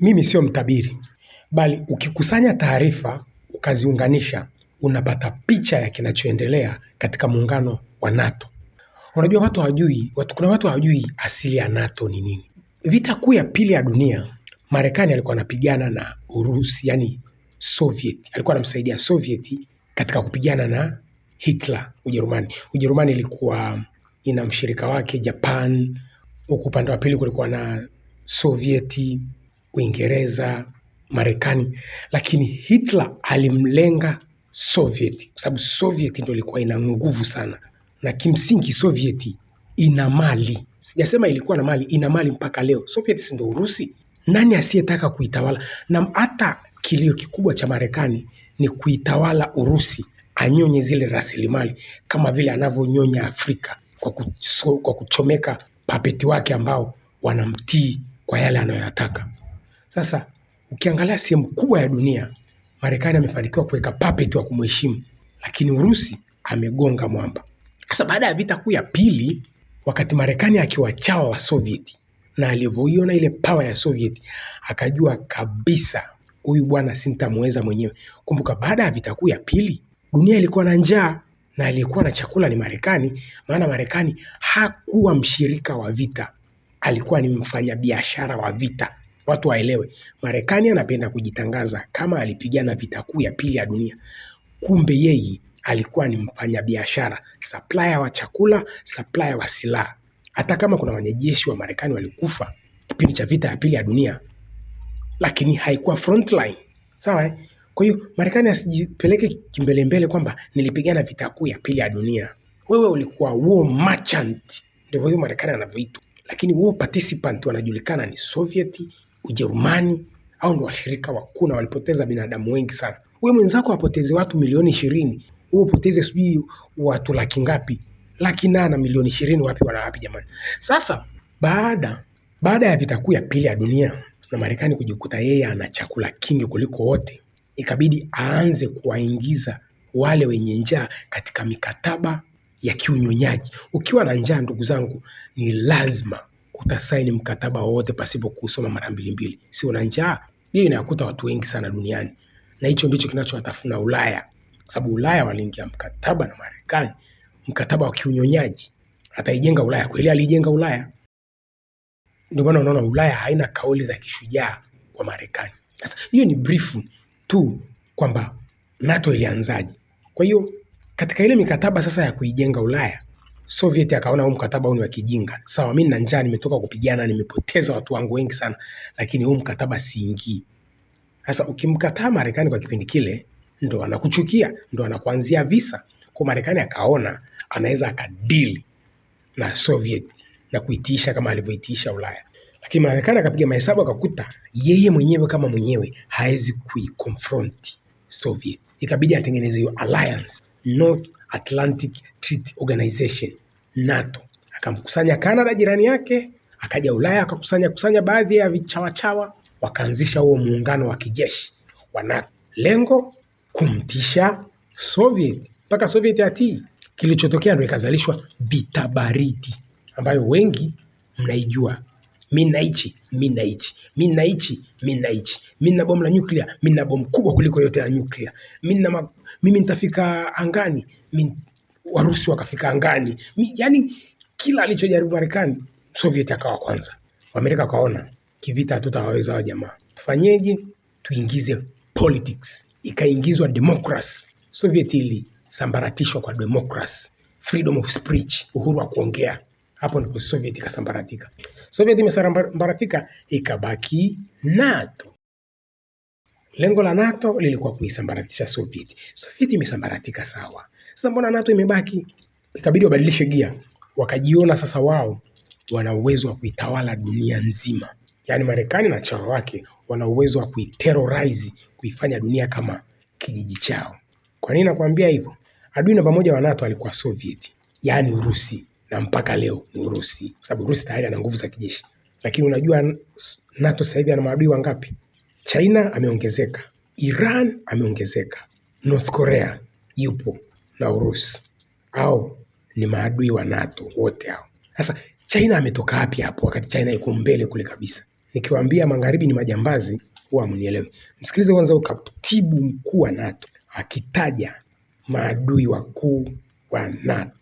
mimi sio mtabiri, bali ukikusanya taarifa ukaziunganisha, unapata picha ya kinachoendelea katika muungano wa NATO. Unajua watu hawajui watu, kuna watu hawajui asili ya NATO ni nini. Vita kuu ya pili ya dunia, Marekani alikuwa anapigana na Urusi, yani Soviet, alikuwa anamsaidia Soviet katika kupigana na Hitler Ujerumani. Ujerumani ilikuwa ina mshirika wake Japan, huku upande wa pili kulikuwa na Sovieti Uingereza, Marekani. Lakini Hitler alimlenga Soviet kwa sababu Soviet ndio ilikuwa ina nguvu sana, na kimsingi Soviet ina mali, sijasema ilikuwa na mali, ina mali mpaka leo. Soviet ndio Urusi. Nani asiyetaka kuitawala? Na hata kilio kikubwa cha Marekani ni kuitawala Urusi, anyonye zile rasilimali kama vile anavyonyonya Afrika kwa, kuso, kwa kuchomeka papeti wake ambao wanamtii kwa yale anayoyataka. Sasa ukiangalia sehemu kubwa ya dunia, Marekani amefanikiwa kuweka puppet wa kumheshimu, lakini Urusi amegonga mwamba. Sasa baada ya vita kuu ya pili, wakati Marekani akiwachawa wa Soviet na alivyoiona ile power ya Soviet akajua kabisa huyu bwana sintamweza mwenyewe. Kumbuka, baada ya vita kuu ya pili dunia ilikuwa na njaa na aliyekuwa na chakula ni Marekani, maana Marekani hakuwa mshirika wa vita, alikuwa ni mfanyabiashara wa vita watu waelewe, Marekani anapenda kujitangaza kama alipigana vita kuu ya pili ya dunia, kumbe yeye alikuwa ni mfanyabiashara, supplier wa chakula, supplier wa silaha. Hata kama kuna wanajeshi wa Marekani walikufa kipindi cha vita ya pili ya dunia, lakini haikuwa frontline, sawa. eh? Kwa hiyo Marekani asijipeleke kimbelembele kwamba nilipigana vita kuu ya pili ya dunia. Wewe ulikuwa war merchant, ndio hiyo Marekani anavyoitwa, lakini war participant wanajulikana ni Soviet, Ujerumani au ndio washirika wakuu na walipoteza binadamu wengi sana. Wewe mwenzako wapoteze watu milioni ishirini, wewe upoteze sijui watu laki ngapi, laki nane milioni ishirini, wapi wana wapi jamani? Sasa baada baada ya vita kuu ya pili ya dunia na Marekani kujikuta yeye ana chakula kingi kuliko wote, ikabidi aanze kuwaingiza wale wenye njaa katika mikataba ya kiunyonyaji. Ukiwa na njaa, ndugu zangu, ni lazima utasaini mkataba wowote pasipo kusoma mara mbili mbili. Si una njaa? Hiyo inakuta watu wengi sana duniani, na hicho ndicho kinachowatafuna Ulaya, kwa sababu Ulaya waliingia mkataba na Marekani, mkataba wa kiunyonyaji. Ataijenga Ulaya kweli? Aliijenga Ulaya? Ndio maana unaona Ulaya haina kauli za kishujaa kwa Marekani. Sasa hiyo ni brief tu kwamba NATO ilianzaje. Kwa hiyo katika ile mikataba sasa ya kuijenga Ulaya Soviet akaona huu mkataba huu ni wa kijinga. Sawa, mimi na njaa nimetoka kupigana, nimepoteza watu wangu wengi sana, lakini huu mkataba siingii. Sasa ukimkataa Marekani kwa kipindi kile, ndo anakuchukia, ndo anakuanzia visa. Kwa Marekani akaona anaweza akadili na Soviet na kuitisha kama alivyoitisha Ulaya, lakini Marekani akapiga mahesabu akakuta yeye mwenyewe kama mwenyewe hawezi kuiconfront Soviet, ikabidi hiyo alliance North Atlantic Treaty Organization NATO. Akamkusanya Canada jirani yake, akaja Ulaya akakusanya kusanya baadhi ya vichawachawa, wakaanzisha huo muungano wa kijeshi wa NATO. Lengo kumtisha Soviet mpaka Soviet yatii. Kilichotokea ndio ikazalishwa vita baridi ambayo wengi mnaijua Minaichi, Minaichi, Minaichi, Minaichi. Mimi nina bomu la nyuklia, mimi nina bomu kubwa kuliko yote ya nyuklia. Mimi mimi nitafika angani, Warusi wakafika angani, yaani kila alichojaribu Marekani, Soviet akawa kwanza. amerika wakaona kivita hatutawaweza wa jamaa, tufanyeje? Tuingize politics, ikaingizwa democracy. Soviet ilisambaratishwa kwa democracy, freedom of speech, uhuru wa kuongea. Hapo ndipo Soviet ikasambaratika. Soviet imesambaratika, ikabaki NATO. Lengo la NATO lilikuwa kuisambaratisha Soviet. Soviet imesambaratika, sawa, sasa mbona NATO imebaki? Ikabidi wabadilishe gia, wakajiona sasa wao wana uwezo wa kuitawala dunia nzima, yaani Marekani na chawa wake wana uwezo wa kuiterrorize, kuifanya dunia kama kijiji chao. Kwa nini nakwambia hivyo? Adui namba moja wa NATO alikuwa Soviet, yaani Urusi, na mpaka leo ni Urusi, kwa sababu Urusi tayari ana nguvu za kijeshi. Lakini unajua NATO sasa hivi ana maadui wangapi? China ameongezeka, Iran ameongezeka, North Korea yupo, na Urusi au ni maadui wa NATO wote hao. Sasa China ametoka wapi hapo, wakati China iko mbele kule kabisa? Nikiwaambia magharibi ni majambazi, huwa amnielewi. Msikilize kwanza ukatibu mkuu wa NATO akitaja maadui wakuu wa NATO.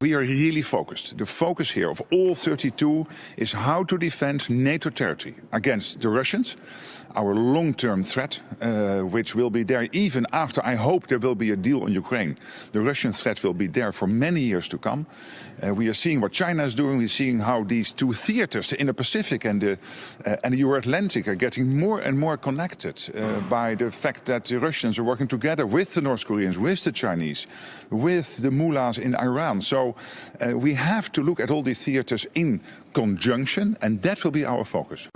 We are really focused. The focus here of all 32 is how to defend NATO territory against the Russians, our long term threat, uh, which will be there even after I hope there will be a deal on Ukraine. The Russian threat will be there for many years to come. Uh, we are seeing what China is doing, we're seeing how these two theaters, the Indo Pacific and the, uh, and the Euro Atlantic, are getting more and more connected uh, by the fact that the Russians are working together with the North Koreans, with the Chinese, with the mullahs in Iran. Iran. So uh, we have to look at all these theaters in conjunction, and that will be our focus.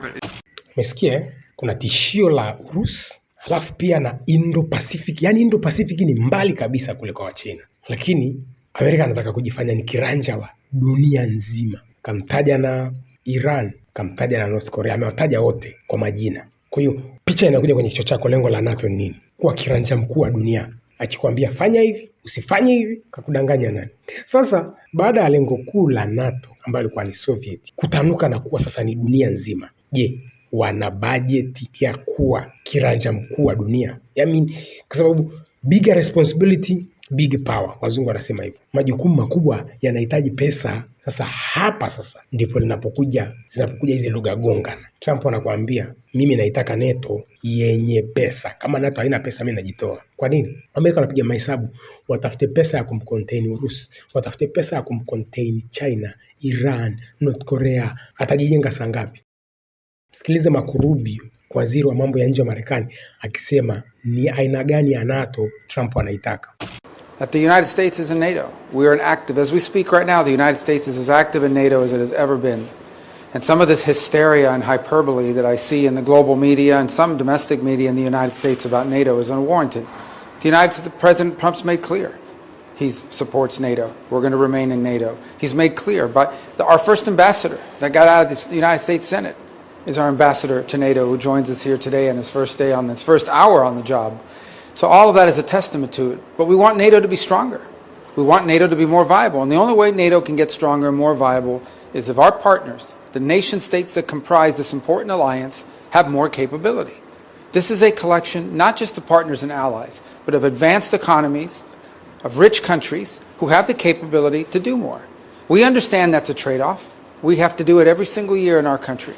Umesikia, eh? kuna tishio la Urusi alafu pia na Indo Pacific. Yani Indo Pacific ni mbali kabisa kule kwa China, lakini Amerika anataka kujifanya ni kiranja wa dunia nzima. Kamtaja na Iran, kamtaja na North Korea, amewataja wote kwa majina. Kwa hiyo picha inakuja kwenye kichwa chako, lengo la NATO ni nini? Kuwa kiranja mkuu wa dunia akikwambia fanya hivi usifanye hivi, kakudanganya nani? Sasa baada ya lengo kuu la NATO ambayo ilikuwa ni Soviet kutanuka na kuwa sasa ni dunia nzima, je, wana bajeti ya kuwa kiranja mkuu wa dunia? I kwa sababu bigger responsibility big power, wazungu wanasema hivyo. Majukumu makubwa yanahitaji pesa. Sasa hapa sasa ndipo linapokuja zinapokuja hizi lugha gongana. Trump anakuambia mimi naitaka NATO yenye pesa, kama NATO haina pesa mimi najitoa. Kwa nini? Amerika wanapiga mahesabu, watafute pesa ya kumcontain Urusi, watafute pesa ya kumcontain China, Iran, North Korea. Atajijenga saa ngapi? Msikilize Makurubi, waziri wa mambo ya nje wa Marekani, akisema ni aina gani ya NATO Trump anaitaka. that the United States is in NATO. We are an active, as we speak right now, the United States is as active in NATO as it has ever been. And some of this hysteria and hyperbole that I see in the global media and some domestic media in the United States about NATO is unwarranted. The United States, President Trump's made clear he supports NATO. We're going to remain in NATO. He's made clear, but the, our first ambassador that got out of the United States Senate is our ambassador to NATO, who joins us here today on his first day on his first hour on the job. So all of that is a testament to it. But we want NATO to be stronger. We want NATO to be more viable. And the only way NATO can get stronger and more viable is if our partners, the nation states that comprise this important alliance, have more capability. This is a collection not just of partners and allies, but of advanced economies, of rich countries who have the capability to do more. We understand that's a trade off. We have to do it every single year in our country.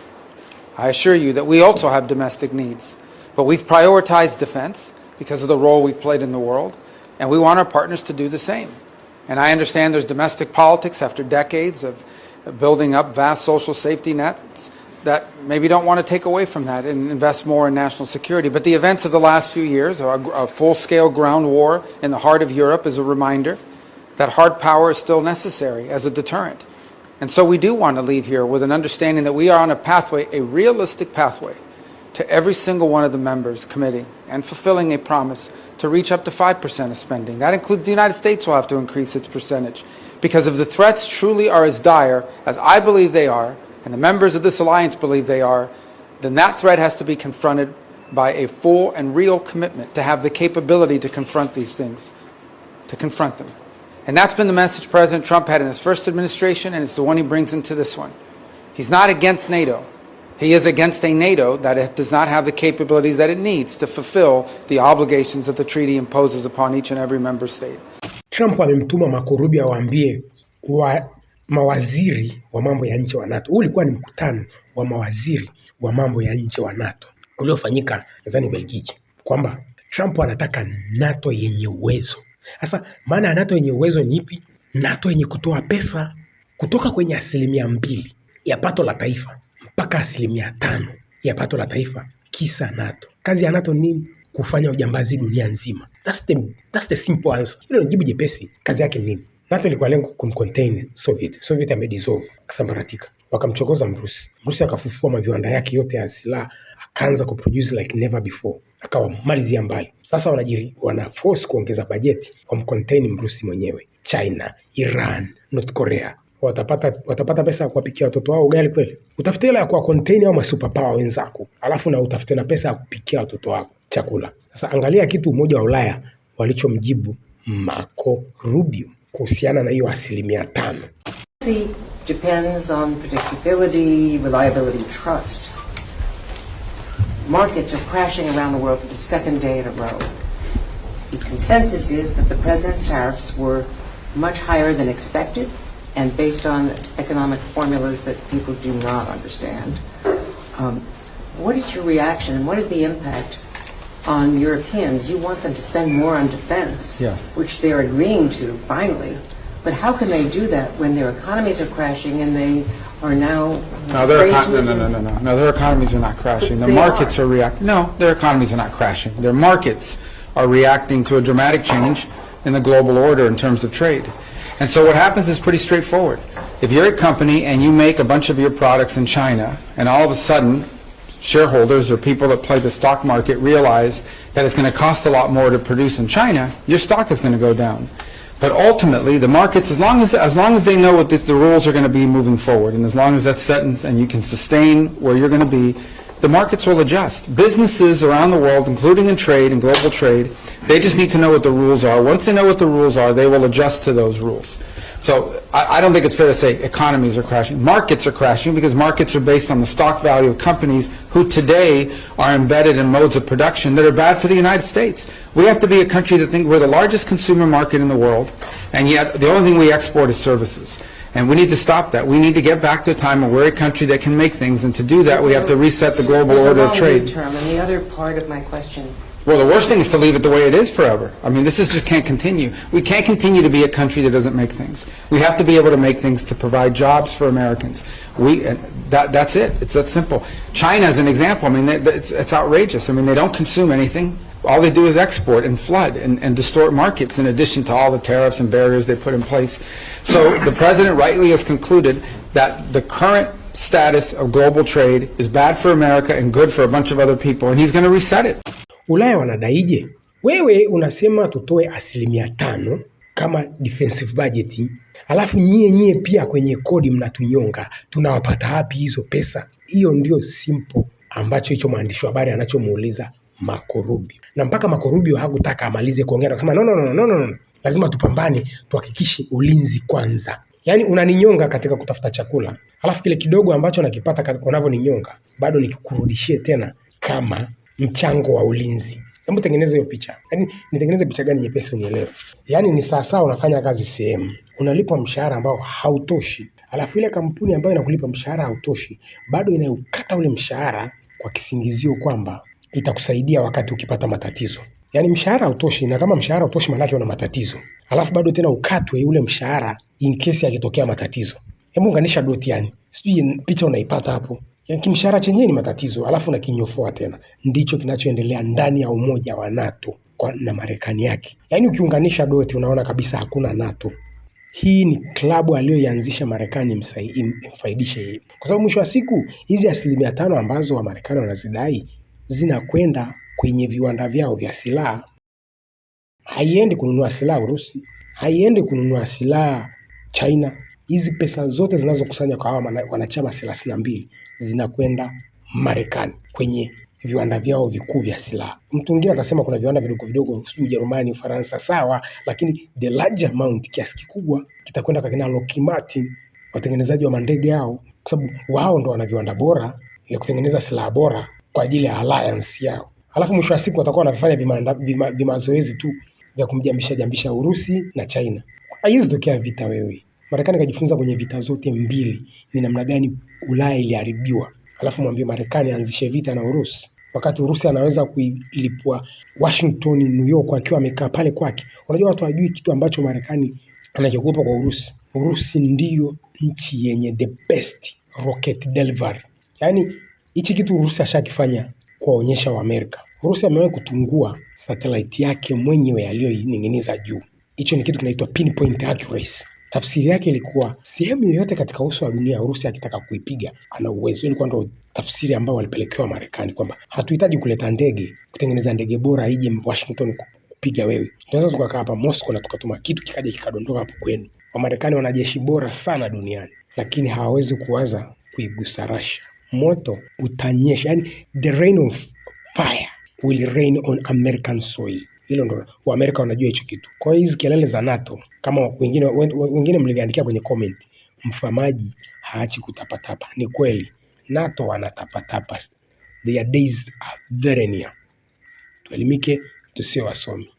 I assure you that we also have domestic needs, but we've prioritized defense because of the role we've played in the world. And we want our partners to do the same. And I understand there's domestic politics after decades of building up vast social safety nets that maybe don't want to take away from that and invest more in national security. But the events of the last few years, a, full scale ground war in the heart of Europe, is a reminder that hard power is still necessary as a deterrent. And so we do want to leave here with an understanding that we are on a pathway, a realistic pathway, to every single one of the members committee and fulfilling a promise to reach up to 5% of spending. That includes the United States will have to increase its percentage because if the threats truly are as dire as I believe they are and the members of this alliance believe they are, then that threat has to be confronted by a full and real commitment to have the capability to confront these things, to confront them. And that's been the message President Trump had in his first administration, and it's the one he brings into this one. He's not against NATO. He is against a NATO that does not have the capabilities that it needs to fulfill the obligations that the treaty imposes upon each and every member state. Trump amemtuma Makurubi awaambie wa mawaziri wa mambo ya nje wa NATO. Huu ulikuwa ni mkutano wa mawaziri wa mambo ya nje wa NATO uliofanyika nadhani Belgiji, kwamba Trump anataka NATO yenye uwezo. Sasa maana ya NATO yenye uwezo ni ipi? NATO yenye kutoa pesa kutoka kwenye asilimia mbili ya pato la taifa mpaka asilimia tano ya pato la taifa kisa NATO. Kazi ya NATO nini? Kufanya ujambazi dunia nzima. That's the, that's the simple answer. Hilo ni jibu jepesi. Kazi yake nini? NATO ilikuwa lengo kumcontain Soviet. Soviet amedissolve, akasambaratika, wakamchokoza Mrusi. Mrusi akafufua maviwanda yake yote ya silaha, akaanza kuproduce like never before, akawa malizia mbali. Sasa wanajiri, wana force kuongeza bajeti wamcontain Mrusi mwenyewe, China, Iran, North Korea watapata, watapata pesa ya kuwapikia watoto wao ugali kweli? Utafute hela ya kuwa container au masuperpower wenzako, alafu na utafute na pesa ya kupikia watoto wako chakula. Sasa angalia kitu Umoja wa Ulaya walichomjibu Marco Rubio kuhusiana na hiyo asilimia tano. Depends on predictability, reliability, trust. Markets are crashing around the world for the second day in a row. The consensus is that the president's tariffs were much higher than expected and based on economic formulas that people do not understand. Um, What is your reaction, and what is the impact on Europeans? You want them to spend more on defense. Yes. Which they're agreeing to, finally. But how can they do that when their economies are crashing and they are now No, their, econ- no, no, no, no, no. their economies are not crashing. Their markets are. are reacting. No, their economies are not crashing. Their markets are reacting to a dramatic change in the global order in terms of trade. And so what happens is pretty straightforward. If you're a company and you make a bunch of your products in China, and all of a sudden shareholders or people that play the stock market realize that it's going to cost a lot more to produce in China, your stock is going to go down. But ultimately, the markets, as long as, as long as they know what the, the rules are going to be moving forward, and as long as that's set and you can sustain where you're going to be, the markets will adjust. Businesses around the world, including in trade and global trade, they just need to know what the rules are. Once they know what the rules are, they will adjust to those rules. So I, I don't think it's fair to say economies are crashing. Markets are crashing because markets are based on the stock value of companies who today are embedded in modes of production that are bad for the United States. We have to be a country that think we're the largest consumer market in the world, and yet the only thing we export is services. And we need to stop that. We need to get back to a time where we're a country that can make things, and to do that, we have to reset the global order of trade. Term, and the other part of my question well, the worst thing is to leave it the way it is forever. I mean, this is, just can't continue. We can't continue to be a country that doesn't make things. We have to be able to make things to provide jobs for Americans. We, uh, that, that's it. It's that simple. China is an example. I mean, it's outrageous. I mean, they don't consume anything. All they do is export and flood and, and distort markets in addition to all the tariffs and barriers they put in place. So the president rightly has concluded that the current status of global trade is bad for America and good for a bunch of other people, and he's going to reset it. Ulaya wanadaije? Wewe unasema tutoe asilimia tano kama defensive budget, alafu nyie nyie pia kwenye kodi mnatunyonga. Tunawapata wapi hizo pesa? Hiyo ndio simple ambacho hicho mwandishi wa habari anachomuuliza Makorubio, na mpaka Makorubio hakutaka amalize kuongea, akasema no, no, no, no, no, no. Lazima tupambane, tuhakikishe ulinzi kwanza. Yaani unaninyonga katika kutafuta chakula, alafu kile kidogo ambacho nakipata unavyoninyonga bado nikikurudishie tena kama mchango wa ulinzi. Hebu tengeneza hiyo picha. Yaani nitengeneze picha gani nyepesi unielewe. Yaani ni sawa sawa unafanya kazi sehemu, unalipwa mshahara ambao hautoshi. Alafu ile kampuni ambayo inakulipa mshahara hautoshi, bado inaukata ule mshahara kwa kisingizio kwamba itakusaidia wakati ukipata matatizo. Yaani mshahara hautoshi na kama mshahara hautoshi maanake una matatizo. Alafu bado tena ukatwe ule mshahara in case yakitokea matatizo. Hebu unganisha dot yani Sijui picha unaipata hapo. Kimshahara chenyewe ni matatizo, alafu na kinyofoa tena. Ndicho kinachoendelea ndani ya umoja wa NATO kwa na Marekani yake. Yaani ukiunganisha doti unaona kabisa hakuna NATO. Hii ni klabu aliyoianzisha Marekani imfaidishe yeye, kwa sababu mwisho wa siku hizi asilimia tano ambazo Wamarekani wanazidai zinakwenda kwenye viwanda vyao vya silaha. Haiendi kununua silaha Urusi, haiendi kununua silaha China hizi pesa zote zinazokusanywa kwa hawa wanachama thelathini na mbili zinakwenda Marekani kwenye viwanda vyao vikuu vya silaha. Mtu mwingine atasema kuna viwanda vidogo vidogo sijui Ujerumani, Ufaransa, sawa, lakini the large amount, kiasi kikubwa kitakwenda kwa kina Lockheed Martin, watengenezaji wa mandege yao, kwa sababu wao ndo wana viwanda bora vya kutengeneza silaha bora kwa ajili ya alliance yao. Alafu mwisho wa siku watakuwa wanavifanya vimazoezi vima, vima tu vya kumjambisha jambisha Urusi na China. Haiwezi tokea vita wewe. Marekani kajifunza kwenye vita zote mbili ni namna gani Ulaya iliharibiwa, alafu mwambie Marekani aanzishe vita na Urusi wakati Urusi anaweza kuilipua Washington, New York akiwa amekaa pale kwake. Unajua watu hawajui kitu ambacho Marekani anachokiogopa kwa Urusi. Urusi ndiyo nchi yenye the best rocket delivery, yaani hichi kitu Urusi ashakifanya kuwaonyesha Amerika. Urusi amewahi kutungua satellite yake mwenyewe aliyoining'iniza juu. Hicho ni kitu kinaitwa pinpoint accuracy. Tafsiri yake ilikuwa sehemu yoyote katika uso wa dunia Urusi akitaka kuipiga ana uwezo. Ilikuwa ndo tafsiri ambayo walipelekewa Marekani kwamba hatuhitaji kuleta ndege, kutengeneza ndege bora ije Washington kupiga wewe, tunaweza tukakaa hapa Moscow na tukatuma kitu kikaja kikadondoka hapo kwenu. Wamarekani wana jeshi bora sana duniani, lakini hawawezi kuwaza kuigusa Russia. Moto utanyesha, yani the rain of fire will rain on American soil. Hilo ndo Waamerika wanajua hicho kitu. Kwa hiyo hizi kelele za NATO kama wengine, wengine mliniandikia kwenye comment, mfamaji haachi kutapatapa. Ni kweli NATO wanatapatapa, their days are very near. Tuelimike, tusio wasomi.